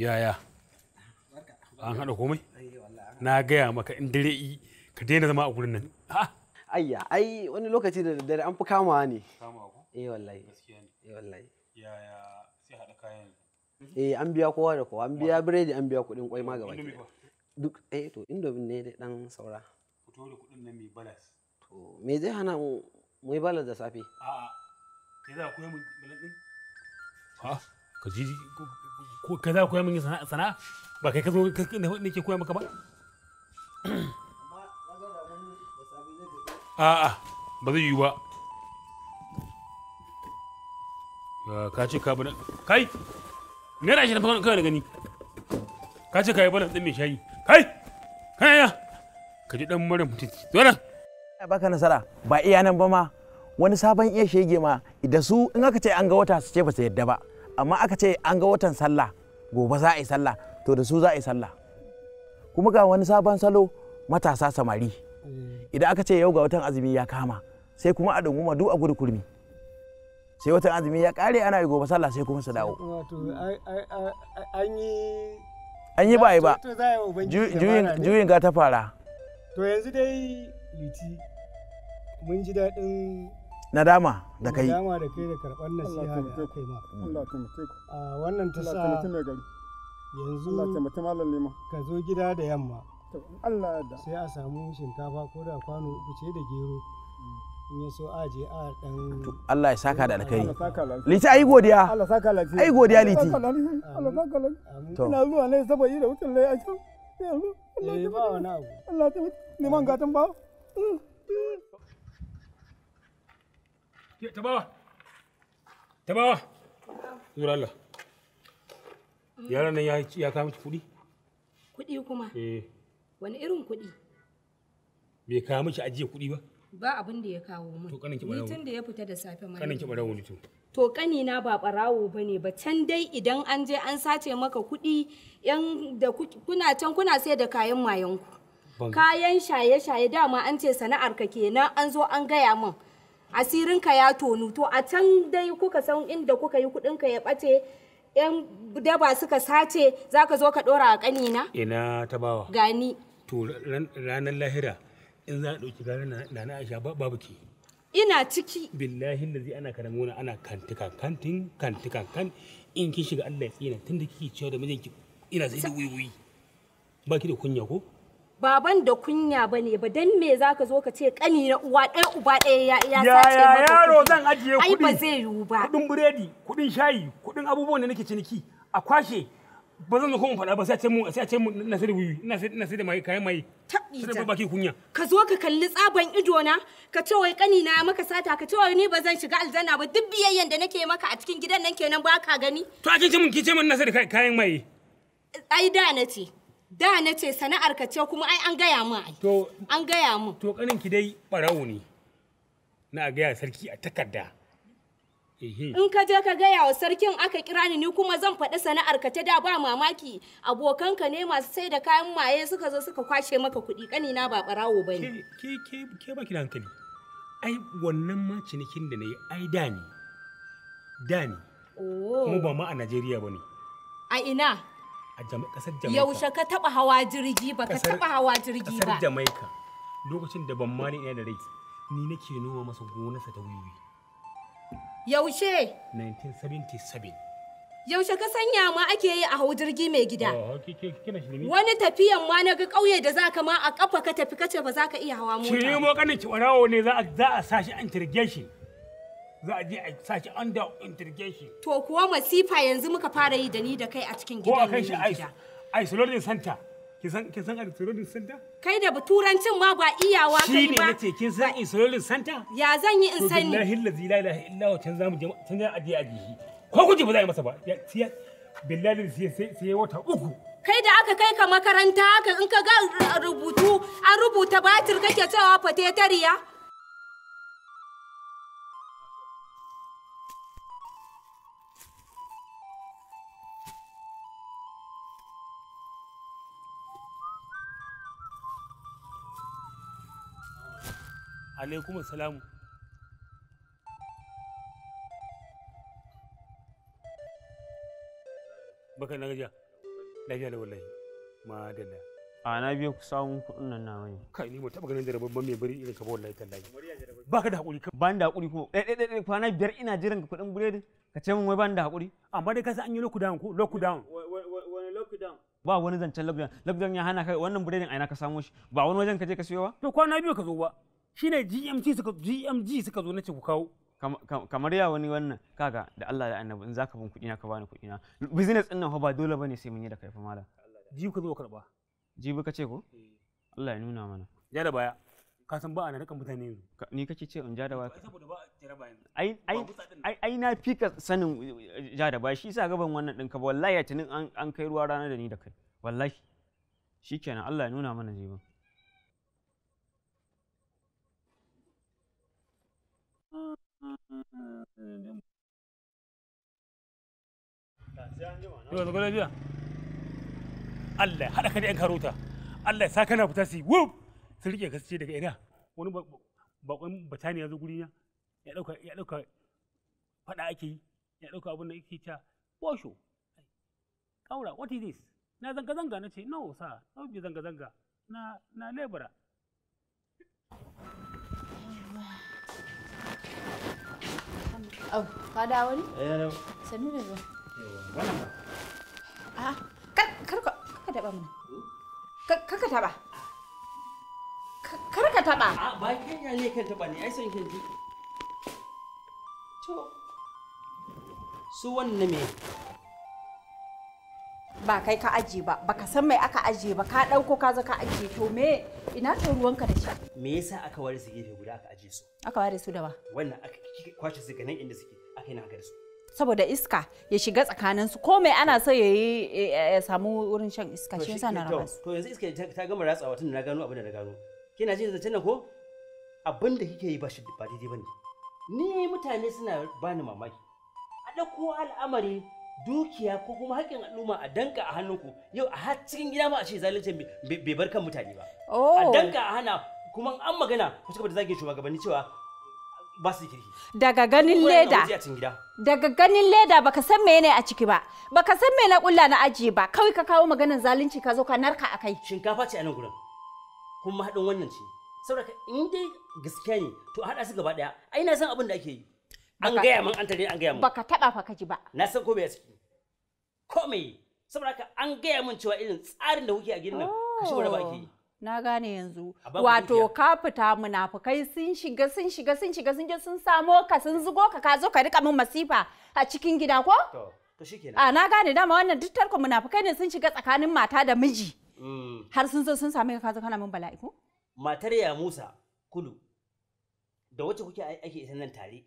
yaya an haɗa komai na gaya maka in dare yi ka daina zama a gurin nan ayya ai wani lokaci da dare an fi kama ne eh wallahi eh wallahi yaya sai haɗa kayan eh an biya kowa da kowa an biya biredi an biya kuɗin kwai ma gaba duk eh to indomin ne da dan saura fito da kuɗin nan mai balas to me zai hana mu mu yi balas da safe a'a sai za ku yi mu balas din ha ka ji ko ka za koya min sana'a ba kai ka zo nake koya maka ba a'a ba zai yi ba ka ce ka bana kai naira ashirin fa kawai da gani ka ce ka yi bana ɗin mai shayi kai kai ya ka ji ɗan mara mutum dole baka nasara ba iya nan ba ma wani sabon iya shege ma idan su in aka ce an ga wata su ce ba su yadda ba amma aka ce an ga watan sallah gobe za a yi sallah to da su za a yi sallah kuma ga wani sabon salo matasa samari eh. idan aka ce yau ga watan azumi ya kama sai kuma a dungu madu a gudu kurmi sai watan azumi ya kare ana yi gobe sallah sai kuma su dawo an yi ba yi ba juyin ga ta fara to yanzu dai liti mun ji daɗin nadama da kai nadama da kai da karban nasiha da aka yi ma Allah taimake ku a wannan ta sa Allah ta taimake gari yanzu Allah ta mutu mallan lima ka zo gida da yamma to Allah ya da sai a samu shinkafa ko da kwano uku ce da gero in ya so a je a dan to Allah ya saka da alkai liti ayi godiya Allah saka lafiya ayi godiya liti Allah saka lafiya ina zuwa ne saboda da wutar lai a can yanzu Allah ya ba wani abu Allah ta mutu neman gatan ba tabawa tabawa zura Allah yaran nan ya kawo miki kuɗi kuɗi kuma eh. wani irin kuɗi bai kawo miki ajiye kuɗi ba ba abin da ya kawo mun. To kanin ki barawo. Tun da ya fita da safe mana. Kanin ki barawo ne to. To kani na ba barawo bane ba can dai idan an je an sace maka kuɗi yan da kuna can kuna sai da kayan mayanku. Kayan shaye-shaye dama an ce sana'ar ka kenan an zo an gaya min. asirinka ya tonu to a can dai kuka san inda kuka yi ka ya bace yan daba suka sace za ka zo ka ɗora a na ina ta bawa gani to ranar lahira in za a ɗauki ranar na na aisha babu ki ina ciki billahi lazi ana na ana kantikan kantin kantikan kan in kin shiga allah ya tsina tun da kike cewa da mijinki ina sai da wuyi ba ki da kunya ko baban da kunya ba ne ba dan me zaka zo ka ce kani na uwa ɗaya uba ɗaya ya ya sace maka yaro zan ajiye kuɗi ai ba zai yi ba kuɗin buredi kuɗin shayi kuɗin abubuwan da nake ciniki a kwashe ba zan zo kuma faɗa ba sai a ce mu sai a ce mu na sai da wuyi ina sai ina sai da mai kayan mai sai da baki kunya ka zo ka kalli tsaban ido na ka ce wai kani na maka sata ka ce wai ni ba zan shiga aljanna ba duk biyayyen da nake maka a cikin gidan nan kenan ba ka gani to a ce mun k'i ce mun na sai da kayan mai ai da na ce da na ce sana'ar ka ce kuma ai an gaya mu ai an gaya mu to kanin ki dai barawo ne na gaya sarki a takarda in ka je ka gaya wa sarkin aka kira ni ni kuma zan faɗi sana'ar ka ta da ba mamaki abokanka ne masu sai da kayan maye suka zo suka kwashe maka kuɗi na ba barawo bane ke ke ke ki da hankali ai wannan ma cinikin da nayi ai da ni da ni oh. kuma ba ma a Najeriya bane a ina a kasar Jamaica yaushe ka taba hawa jirgi ba ka taba hawa jirgi ba kasar Jamaica lokacin da ban mani ina da rai ni nake noma masa gonarsa ta wiwi yaushe 1977 yaushe ka sanya ma ake yi a hawa jirgi mai gida oh, oh, wani tafiyan ma na ga ƙauye da za ka ma a kafa ka tafi kace ba za ka iya hawa mota ki mo kanin ki ne za a sa shi an tirge shi za a je a sashi under interrogation. To kuwa masifa yanzu muka fara yi da ni da kai a cikin gidan Ko a kai shi isolation center. Kin san kin san center? Kai da turancin ma ba iyawa kai ba. Shi ne ce kin san isolation center? Ya zan yi in sani. Billahi allazi la ilaha illa huwa can zamu je can za a je a jihi. Ko kuje ba za a yi masa ba. Billahi sai sai wata uku. kai da aka kai ka makaranta haka in ka ga rubutu an rubuta batir kake cewa fatetariya alaikum salamu baka na gajiya lafiya da wallahi ma dalla a na biyo ku samu kuɗin nan na wani kai ni ba taɓa ganin da rababban mai bari irin ka ba wallahi tallahi baka da hakuri ka ban da hakuri ko ɗaya ɗaya ɗaya kwana biyar ina jiran ka kuɗin buredi ka ce min wai ban da hakuri amma dai ka san an yi lockdown ko lockdown wani lockdown ba wani zancen lockdown lockdown ya hana kai wannan a aina ka samu shi ba wani wajen ka je ka siyo ba to kwana biyu ka zo ba shine GMT suka GMG suka zo na ce ku kawo kamar ya wani wannan kaga da Allah ya annabi in zaka bin kuɗi na ka bani kuɗi na business din nan fa ba dole bane sai mun yi da kai fa mallam ji ku zo karba jibi ka ce ko eh. Allah ya nuna mana ya da baya ka san ba a rikan mutane yanzu ni kake ce in ja da baya saboda ba jira yanzu ai ai ai na fika sanin eh, ja da baya shi yasa gaban wannan din ka wallahi ya tunin an kai ruwa rana da ni da kai wallahi shikenan Allah ya nuna mana jibin Yau Allah ya haɗa ka da ‘yan karota. Allah ya sa kana fita su yi wuf su riƙe gaske daga ina. Wani bakon batani ya zo guri na ya ɗauka ya ɗauka faɗa ake yi ya ɗauka abin da yake ta bosho. Kaura what is this? Na zanga-zanga na ce no sir, na bi zanga-zanga na na lebura. Au, ka dawo Eh, dawo. Sannu da Wannan ba. Ah, kar kar ka ka Kar ka taba. Kar ka taba. A ah, ba kin ya ne kan taba ne, ai san kin ji. To. Su wannan ba kai ka aje ba baka san mai aka aje ba ka dauko ka zo ka aje to me ina to ruwanka da shi. me yasa aka ware su gefe guda aka aje su aka ware su da ba wannan aka kwace su ganin inda suke aka yi na su saboda iska ya shiga tsakanin su ko mai ana so ya yi ya samu wurin shan iska shi yasa na raba to yanzu iska ta gama ratsawa tun na gano abin da na gano kina jin zancen ko abin da kike yi ba shi ba daidai bane ni mutane suna bani mamaki a dauko al'amari dukiya ko kuma haƙƙin al'umma a danka a hannunku yau a har cikin gida ma a ce zalunci bai bar kan mutane ba a oh. danka a hana kuma an magana ku cika da zagin shugabanni cewa ba su kirki daga ganin leda daga ganin leda baka san me ne a ciki ba baka san me na kulla na aji ba kawai ka kawo maganar zalunci ka zo ka narka akai shinkafa ce a nan gurin kuma haɗin wannan ce saboda in dai gaskiya ne to haɗa su gaba ɗaya ai na san abin da ake yi an gaya min an tare an gaya min baka taba fa kaji ba na san ko bai saki ko saboda ka an gaya mun cewa irin tsarin da kuke a ginin ka shi ba ki oh, na gane yanzu wato ka fita munafukai sun shiga sun shiga sun shiga sun je sun samo ka sun zugo ka ka zo ka rika min masifa a cikin gida ko to shikenan a ah, na gane dama wannan duk tarko munafukai ne sun shiga tsakanin mata da miji mm. har sun zo sun same ka ka zo kana min bala'i ko matar ya Musa kudu da wacce kuke ake ita nan tare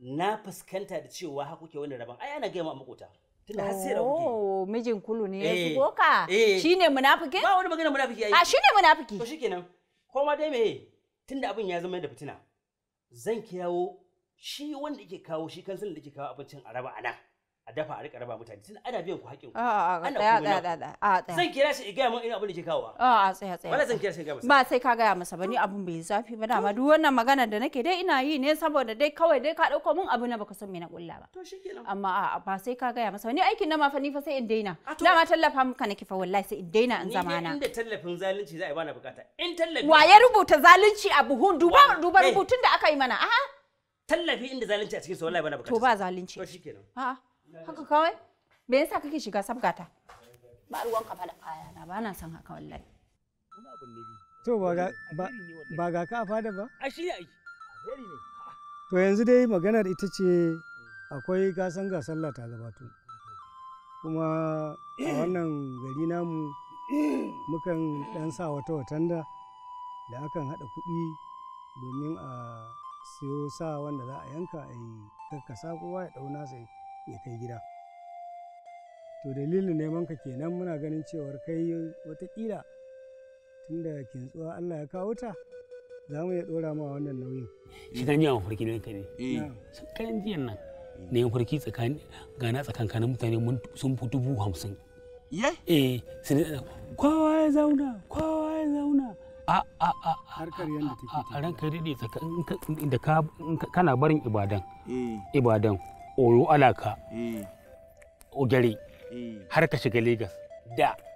na fuskanta da cewa haku ke wani rabon ai ana gaya ma makota tunda har sai kuke. oh mijin kulu ne ya eh, shigo ka eh. shine munafiki ba wani magana munafiki ai a ah, shine munafiki to shikenan ko ma dai meye tunda abin ya zama da fitina zan kiyawo shi wanda yake kawo shi kansa da yake kawo abincin araba a nan a dafa a rika raba mutane tun ana biyan ku haƙƙin ku ana kuma a zan kira shi ga mun ina abin da ke kawo a a tsaya tsaya wala zan kira shi ga masa ba sai ka gaya masa ba ni abin bai zafi ba dama duk wannan magana da nake dai ina yi ne saboda dai kawai dai ka dauko mun abu na baka san me na kulla ba to shikenan amma a ba sai ka gaya masa ni aikin na ma fa ni fa sai in daina dama tallafa maka nake fa wallahi sai in daina in zama na. ni inda tallafin zalunci za a bana bukata in tallafi wa ya rubuta zalunci a buhun duba duba rubutun da aka yi mana a tallafi inda zalunci a cikin sa wallahi bana bukata to ba zalunci to shikenan a haka kawai me yasa kake shiga sabgata ba ruwan ka da kaya na ba na son haka wallahi to ba ga ka fada ba a shi ne to yanzu dai maganar ita ce akwai gasan gasar lata gabato kuma a wannan gari namu mukan dan sa wata watanda da akan haɗa kuɗi domin a siyo sa wanda za a yanka a yi kakkasa kowa ya dauna sai ya kai gida to dalilin neman ka kenan muna ganin cewar kai watakila tunda kintsuwa Allah ya kawo ta za mu iya dora ma wannan nauyin shigan jiya mafarki ne kai ne eh. kayan jiyan nan na yin farki tsakanin gana tsakankanin mutane sun fi dubu hamsin eh kowa ya zauna kowa ya zauna a a a harkar yadda take a ranka daɗe tsakanin da kana barin ibadan eh. ibadan oro alaka eh. ogere eh. har ka shiga Legas da